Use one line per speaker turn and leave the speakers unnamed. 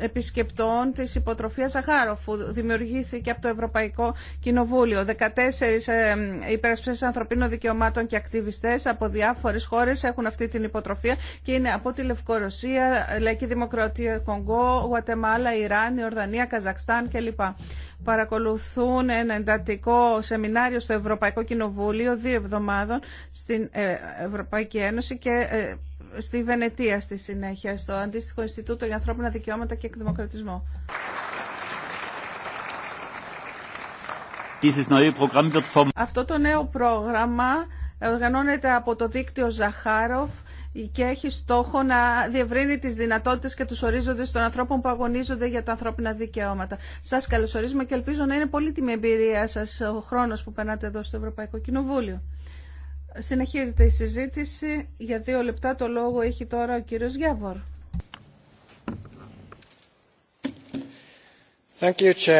επισκεπτών της υποτροφίας Ζαχάροφ που δημιουργήθηκε από το Ευρωπαϊκό Κοινοβούλιο. 14 ε, υπερασπιστές ανθρωπίνων δικαιωμάτων και ακτιβιστές από διάφορες χώρες έχουν αυτή την υποτροφία και είναι από τη Λευκορωσία, Λαϊκή Δημοκρατία Κονγκό, Γουατεμάλα, Ιράν, Ιορδανία, Καζακστάν κλπ. Παρακολουθούν ένα εντατικό σεμινάριο στο Ευρωπαϊκό Κοινοβούλιο δύο εβδομάδων στην ε, Ευρωπαϊκή Ένωση και ε, στη Βενετία στη συνέχεια, στο αντίστοιχο Ινστιτούτο για Ανθρώπινα Δικαιώματα και Εκδημοκρατισμό. Αυτό το νέο πρόγραμμα οργανώνεται από το δίκτυο Ζαχάροφ και έχει στόχο να διευρύνει τις δυνατότητες και τους ορίζοντες των ανθρώπων που αγωνίζονται για τα ανθρώπινα δικαιώματα. Σας καλωσορίζουμε και ελπίζω να είναι πολύτιμη εμπειρία σας ο χρόνος που περνάτε εδώ στο Ευρωπαϊκό Κοινοβούλιο. Συνεχίζεται η συζήτηση. Για δύο λεπτά το λόγο έχει τώρα ο κύριος Γιάβορ. Thank you,